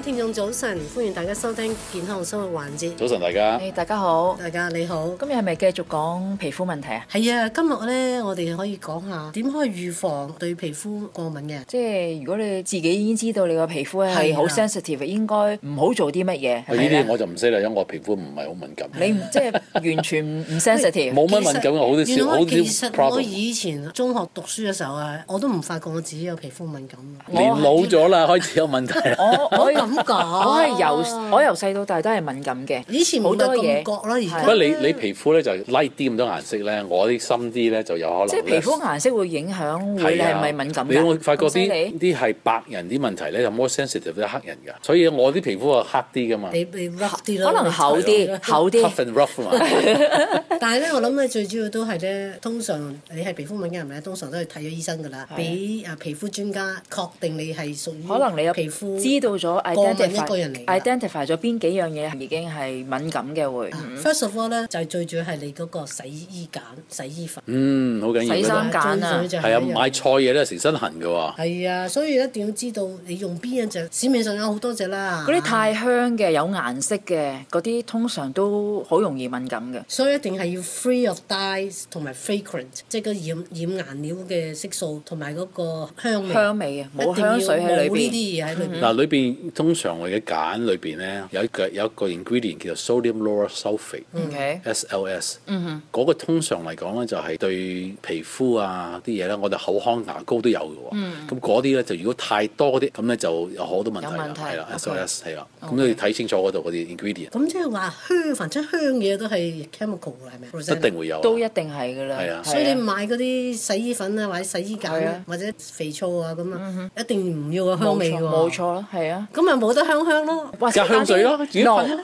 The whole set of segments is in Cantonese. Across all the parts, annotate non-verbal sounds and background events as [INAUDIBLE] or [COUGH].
聽眾早晨，歡迎大家收聽健康生活環節。早晨，大家。誒，大家好。大家你好。今日係咪繼續講皮膚問題啊？係啊，今日咧，我哋可以講下點可以預防對皮膚過敏嘅。即係如果你自己已經知道你個皮膚係好 sensitive 嘅，應該唔好做啲乜嘢。呢啲我就唔識啦，因為我皮膚唔係好敏感。你即係完全唔 sensitive，冇乜敏感好少好少 problem。原來其實我以前中學讀書嘅時候啊，我都唔發覺我自己有皮膚敏感。年老咗啦，開始有問題。我我咁。我係由我由細到大都係敏感嘅，以前冇多嘢。覺得咁覺啦，而家。不過你你皮膚咧就 light 啲咁多顏色咧，我啲深啲咧就有可能。即係皮膚顏色會影響，會係唔係敏感㗎？你會發覺啲啲係白人啲問題咧，就 more sensitive 都係黑人㗎，所以我啲皮膚啊黑啲㗎嘛。你你 rough 啲咯，可能厚啲，厚啲。但係咧，我諗咧最主要都係咧，通常你係皮膚敏感人，係，通常都係睇咗醫生㗎啦，俾誒皮膚專家確定你係屬於可能你有皮膚知道咗 identify 咗邊幾樣嘢已經係敏感嘅會。First of all 咧，就係最主要係你嗰個洗衣揀洗衣粉。嗯，好緊要。洗衫揀啊。係啊，買菜嘢咧成身痕嘅喎。係啊，所以一定要知道你用邊一隻。市面上有好多隻啦。嗰啲太香嘅、有顏色嘅嗰啲，通常都好容易敏感嘅。所以一定係要 free of dyes 同埋 fragrant，即係嗰染染顏料嘅色素同埋嗰個香香味啊。一定要冇香水喺裏邊，冇呢啲嘢喺裏邊。嗱，裏邊通。通常我嘅簡裏邊咧有一個有一個 ingredient 叫做 sodium lauryl sulfate SLS 嗰個通常嚟講咧就係對皮膚啊啲嘢咧，我哋口腔牙膏都有嘅喎。咁嗰啲咧就如果太多嗰啲咁咧就有好多問題。有問題。係啦，SLS 係啦。咁你要睇清楚嗰度嗰啲 ingredient。咁即係話香，反正香嘢都係 chemical 㗎，係咪？一定會有。都一定係㗎啦。係啊。所以你買嗰啲洗衣粉啊，或者洗衣 gel，或者肥皂啊，咁啊，一定唔要個香味冇錯。冇錯啦。係啊。咁啊。冇得香香咯，或者香水咯，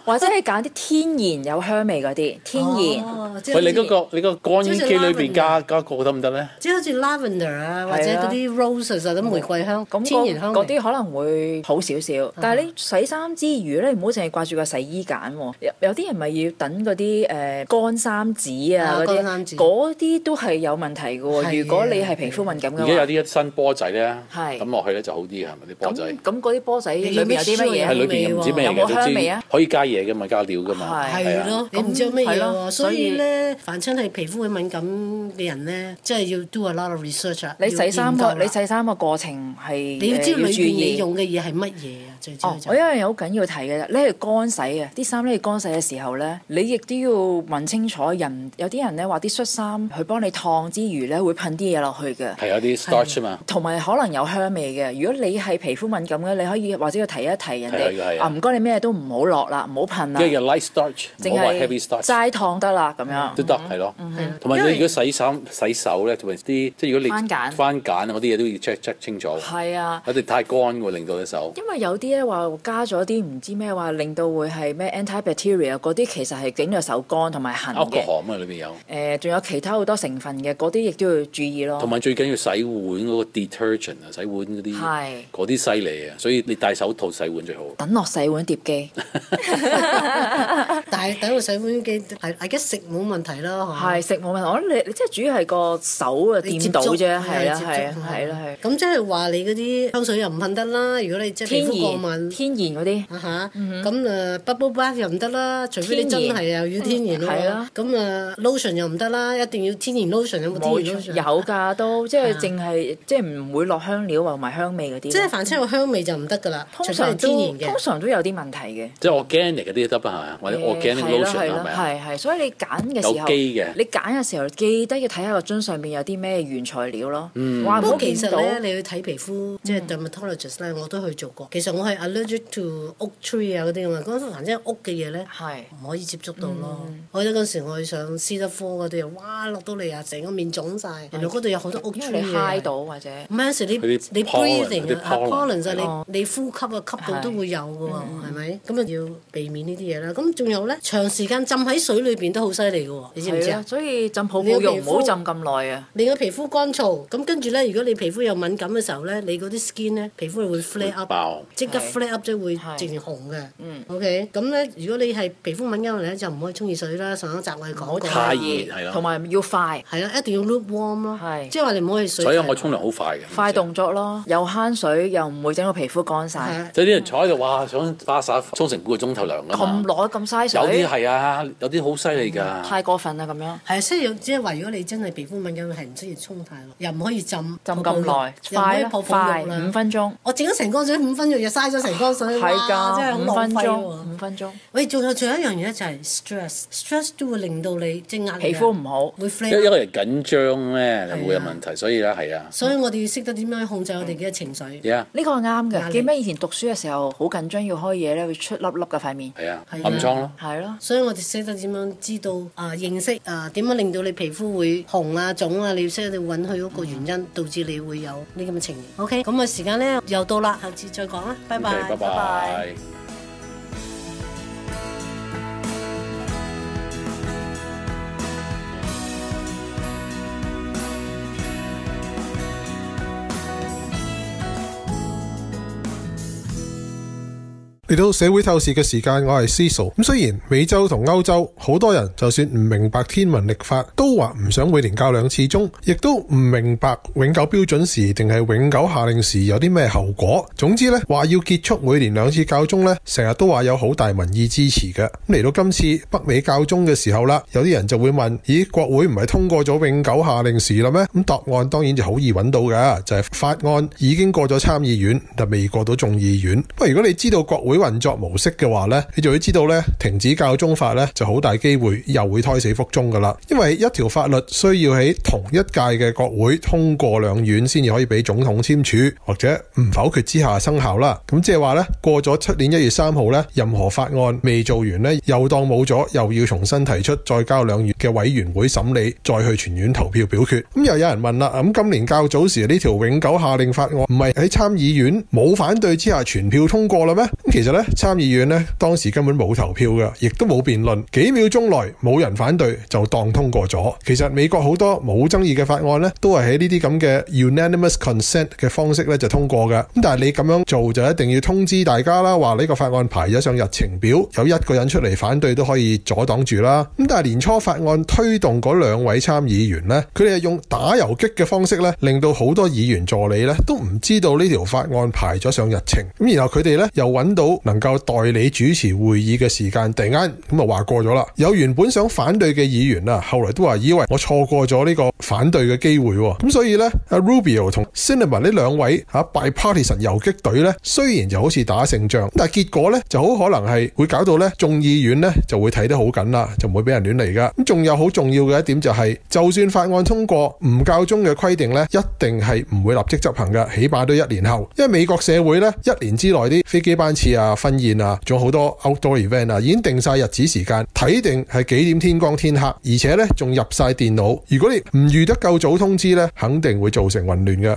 或者係揀啲天然有香味嗰啲天然。哦，喺你嗰個你個乾衣機裏邊加加個得唔得咧？即係好似 lavender 啊，或者嗰啲 roses 啊，玫瑰香，咁天然香，嗰啲可能會好少少。但係你洗衫之餘咧，唔好淨係掛住個洗衣揀喎。有啲人咪要等嗰啲誒乾衫紙啊嗰啲，嗰啲都係有問題嘅喎。如果你係皮膚敏感嘅，而家有啲一身波仔咧，係咁落去咧就好啲係咪？啲波仔咁，啲波仔。唔知乜嘢，有冇香味啊？可以加嘢嘅嘛，加料嘅嘛。係咯，你唔知有咩嘢咯？所以咧，凡親係皮膚會敏感嘅人咧，真係要 do a lot of research 啊！你洗衫個你洗衫個過程係你要知道裏邊用嘅嘢係乜嘢？哦，我一樣有好緊要睇嘅啫，你係乾洗嘅，啲衫呢乾洗嘅時候咧，你亦都要問清楚人。有啲人咧話啲恤衫去幫你燙之餘咧，會噴啲嘢落去嘅，係有啲 starch 嘛，同埋可能有香味嘅。如果你係皮膚敏感嘅，你可以或者要提一提人哋啊，唔該你咩都唔好落啦，唔好噴啦。即係 light starch、heavy starch，齋燙得啦，咁樣都得係咯。同埋你如果洗衫洗手咧，同埋啲即係如果你番梘番梘嗰啲嘢都要 check check 清楚。係啊，我哋太乾喎，令到隻手。因為有啲。即係話加咗啲唔知咩話，令到會係咩 antibacteria 嗰啲，其實係整到手乾同埋痕嘅。一個寒嘛，裏邊有。誒、呃，仲有其他好多成分嘅，嗰啲亦都要注意咯。同埋最緊要洗碗嗰個 detergent 啊，洗碗嗰啲，嗰啲犀利啊，所以你戴手套洗碗最好。等落洗碗碟機。 [LAUGHS] 第一個洗碗機，係而家食冇問題咯，係食冇問題，我覺得你即係主要係個手啊掂到啫，係啊係啊係啦咁即係話你嗰啲香水又唔噴得啦，如果你即係皮膚過敏，天然嗰啲嚇咁啊 bubble bath 又唔得啦，除非你真係又要天然咯。係啦。咁啊 lotion 又唔得啦，一定要天然 lotion 有冇天然有㗎都即係淨係即係唔會落香料或埋香味嘅啲。即係凡係落香味就唔得㗎啦，通常天然嘅，通常都有啲問題嘅。即係我驚嘅嗰啲得啊，或者我驚。係咯係咯係係，所以你揀嘅時候，你揀嘅時候記得要睇下個樽上面有啲咩原材料咯。嗯，哇！冇見到。你要睇皮膚，即係 dermatologist 咧，我都去做過。其實我係 allergic to oak tree 啊嗰啲咁啊。嗰陣時反正屋嘅嘢咧，係唔可以接觸到咯。我記得嗰時我去上師德科嗰啲啊，哇！落到嚟啊，整個面腫晒。原來嗰度有好多 oak tree，因為你 high 到或者，唔係有時你你 breathing pollen 啊，你你呼吸啊，吸到都會有嘅喎，係咪？咁啊要避免呢啲嘢啦。咁仲有咧？長時間浸喺水裏邊都好犀利嘅喎，你知唔知啊？所以浸好冇用，唔好浸咁耐啊！令個皮膚乾燥，咁跟住咧，如果你皮膚有敏感嘅時候咧，你嗰啲 skin 咧皮膚會 flare up，爆，即刻 flare up 即會直情紅嘅。OK 咁咧如果你係皮膚敏感嘅人咧就唔可以沖熱水啦，上一集我哋講太熱同埋要快，係咯，一定要 loop warm 咯，即係話你唔可以水。所以，我沖涼好快嘅。快動作咯，又慳水又唔會整個皮膚乾晒。即啲人坐喺度哇，想花灑沖成個鐘頭涼咁耐咁嘥水。啲係啊，有啲好犀利㗎。太過分啦，咁樣係啊，所以即係，如果你真係皮膚敏感，係唔需要沖太耐，又唔可以浸浸咁耐，快啦，快啦，五分鐘。我整咗成缸水五分鐘，又嘥咗成缸水啦，真係好浪費喎。五分鐘。我哋仲有仲有一樣嘢就係 stress，stress 都會令到你即係壓力，皮膚唔好，會 flare。因因為緊張咧，係會有問題，所以咧係啊。所以我哋要識得點樣控制我哋嘅情緒。呢個係啱嘅。記唔記得以前讀書嘅時候好緊張，要開嘢咧會出粒粒嘅塊面。係啊，暗瘡咯。係咯，所以我哋識得點樣知道啊、呃，認識啊，點、呃、樣令到你皮膚會紅啊、腫啊，你要識得搵佢嗰個原因，嗯、導致你會有呢咁嘅情形。OK，咁嘅時間呢又到啦，下次再講啦，拜拜，拜拜，okay。Bye bye 嚟到社會透視嘅時間，我係司徒。咁雖然美洲同歐洲好多人，就算唔明白天文歷法，都話唔想每年教兩次鐘，亦都唔明白永久標準時定係永久下令時有啲咩後果。總之呢，話要結束每年兩次教鐘呢，成日都話有好大民意支持嘅。咁嚟到今次北美教鐘嘅時候啦，有啲人就會問：咦，國會唔係通過咗永久下令時啦咩？咁答案當然就好易揾到嘅，就係法案已經過咗參議院，但未過到眾議院。不過如果你知道國會運作模式嘅話呢，你就要知道呢，停止教宗法呢就好大機會又會胎死腹中噶啦，因為一條法律需要喺同一屆嘅國會通過兩院先至可以俾總統簽署或者唔否決之下生效啦。咁即係話呢，過咗七年一月三號呢，任何法案未做完呢，又當冇咗，又要重新提出再交兩院嘅委員會審理，再去全院投票表決。咁又有人問啦，咁今年較早時呢條永久下令法案唔係喺參議院冇反對之下全票通過啦咩？咁其實。咧參議院咧當時根本冇投票嘅，亦都冇辯論，幾秒鐘內冇人反對就當通過咗。其實美國好多冇爭議嘅法案咧，都係喺呢啲咁嘅 unanimous consent 嘅方式咧就通過嘅。咁但係你咁樣做就一定要通知大家啦，話呢個法案排咗上日程表，有一個人出嚟反對都可以阻擋住啦。咁但係年初法案推動嗰兩位參議員咧，佢哋係用打遊擊嘅方式咧，令到好多議員助理咧都唔知道呢條法案排咗上日程。咁然後佢哋咧又揾到。能夠代理主持會議嘅時間，突然間咁就話過咗啦。有原本想反對嘅議員啦，後來都話以為我錯過咗呢個反對嘅機會。咁所以呢，阿 Rubio 同 Cinema 呢兩位拜 bipartisan 遊擊隊呢，雖然就好似打勝仗，但係結果呢，就好可能係會搞到呢眾議院呢就會睇得好緊啦，就唔會俾人亂嚟噶。咁仲有好重要嘅一點就係、是，就算法案通過唔夠鐘嘅規定呢，一定係唔會立即執行㗎。起碼都一年後。因為美國社會呢，一年之內啲飛機班次啊～婚宴啊，仲有好多 outdoor event 啊，已經定晒日子時間，睇定係幾點天光天黑，而且咧仲入晒電腦。如果你唔預得夠早通知咧，肯定會造成混亂嘅。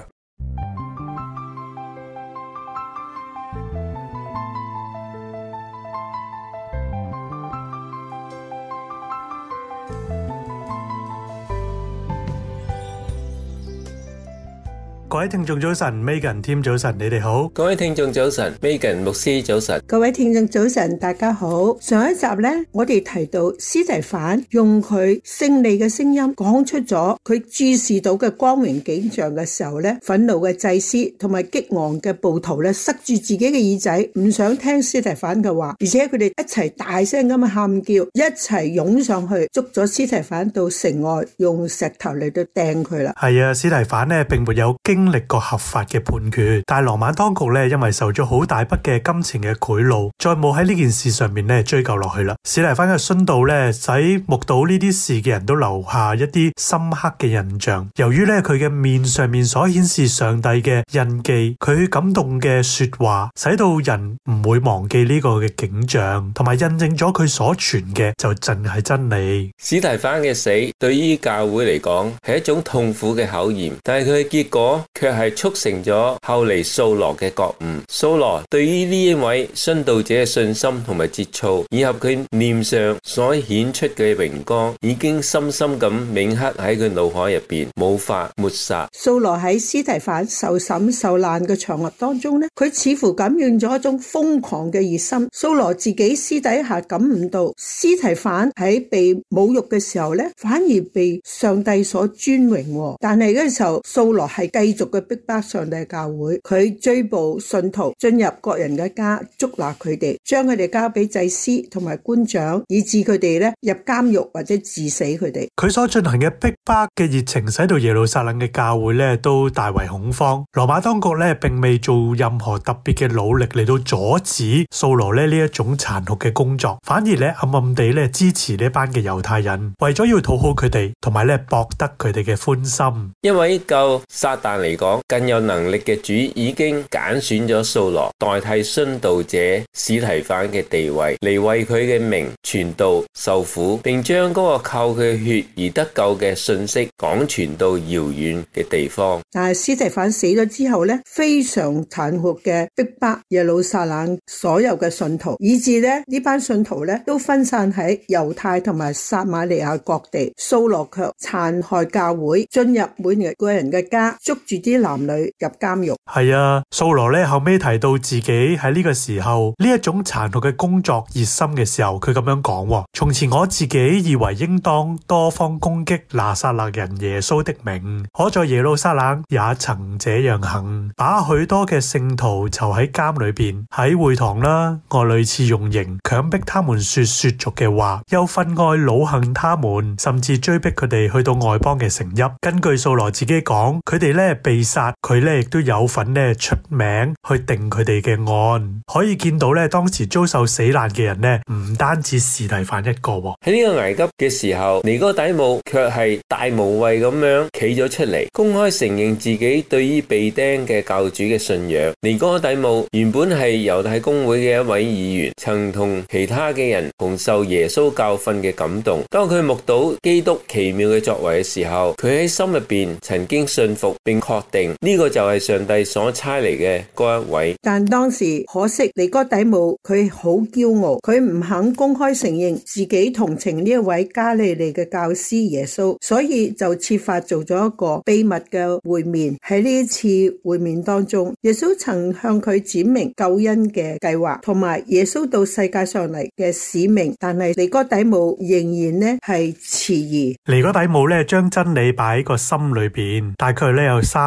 各位聽眾早晨，Megan team 早晨，你哋好。各位聽眾早晨，Megan 牧師早晨。各位聽眾早晨，大家好。上一集咧，我哋提到司提反用佢勝利嘅聲音講出咗佢注視到嘅光榮景象嘅時候咧，憤怒嘅祭司同埋激昂嘅暴徒咧，塞住自己嘅耳仔，唔想聽司提反嘅話，而且佢哋一齊大聲咁嘅喊叫，一齊湧上去捉咗司提反到城外，用石頭嚟到掟佢啦。係啊，司提反咧並沒有驚。經歷過合法嘅判決，但係羅馬當局咧，因為受咗好大筆嘅金錢嘅賄賂，再冇喺呢件事上面咧追究落去啦。史提芬嘅殉道咧，使目睹呢啲事嘅人都留下一啲深刻嘅印象。由於咧佢嘅面上面所顯示上帝嘅印記，佢感動嘅說話，使到人唔會忘記呢個嘅景象，同埋印證咗佢所傳嘅就淨係真理。史提芬嘅死對於教會嚟講係一種痛苦嘅考驗，但係佢嘅結果。卻係促成咗後嚟掃羅嘅覺悟。掃羅對於呢一位殉道者嘅信心同埋節操，以及佢面上所顯出嘅榮光，已經深深咁銘刻喺佢腦海入邊，無法抹殺。掃羅喺司提反受審受難嘅場合當中咧，佢似乎感染咗一種瘋狂嘅熱心。掃羅自己私底下感悟到，司提反喺被侮辱嘅時候咧，反而被上帝所尊榮。但係嗰時候，掃羅係繼續。嘅逼迫上帝教會，佢追捕信徒，進入各人嘅家，捉拿佢哋，將佢哋交俾祭司同埋官長，以致佢哋咧入監獄或者致死佢哋。佢所進行嘅逼迫嘅熱情，使到耶路撒冷嘅教會咧都大為恐慌。羅馬當局咧並未做任何特別嘅努力嚟到阻止掃羅咧呢一種殘酷嘅工作，反而咧暗暗地咧支持呢班嘅猶太人，為咗要討好佢哋，同埋咧博得佢哋嘅歡心。因為教撒但嚟。嚟講，更有能力嘅主已經揀選咗掃羅，代替殉道者司提反嘅地位，嚟為佢嘅名傳道受苦，並將嗰個靠佢血而得救嘅信息講傳到遙遠嘅地方。但係司提反死咗之後咧，非常殘酷嘅逼迫耶路撒冷所有嘅信徒，以致咧呢班信徒咧都分散喺猶太同埋撒瑪利亞各地。掃羅卻殘害教會，進入每日個人嘅家捉住，啲男女入監獄。係啊，掃羅咧後尾提到自己喺呢個時候呢一種殘酷嘅工作熱心嘅時候，佢咁樣講、哦：從前我自己以為應當多方攻擊拿撒勒人耶穌的名，可在耶路撒冷也曾這樣行，把許多嘅聖徒囚喺監裏邊，喺會堂啦，我屢次用刑，強迫他們說說俗嘅話，又分外惱恨他們，甚至追逼佢哋去到外邦嘅城邑。根據掃羅自己講，佢哋咧。被殺，佢咧亦都有份咧出名去定佢哋嘅案，可以見到咧當時遭受死難嘅人咧唔單止是大犯一個喎。喺呢個危急嘅時候，尼哥底母卻係大無畏咁樣企咗出嚟，公開承認自己對於被釘嘅教主嘅信仰。尼哥底母原本係猶太公會嘅一位議員，曾同其他嘅人同受耶穌教訓嘅感動。當佢目睹基督奇妙嘅作為嘅時候，佢喺心入邊曾經信服並確。確定呢個就係上帝所差嚟嘅嗰一位，但當時可惜尼哥底母佢好驕傲，佢唔肯公開承認自己同情呢一位加利利嘅教師耶穌，所以就設法做咗一個秘密嘅會面。喺呢一次會面當中，耶穌曾向佢指明救恩嘅計劃，同埋耶穌到世界上嚟嘅使命。但係尼哥底母仍然呢係遲疑。尼哥底母呢將真理擺喺個心裏邊，大概佢呢有三。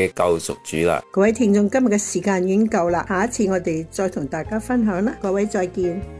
嘅救贖主啦，各位聽眾，今日嘅時間已經夠喇，下一次我哋再同大家分享啦，各位再見。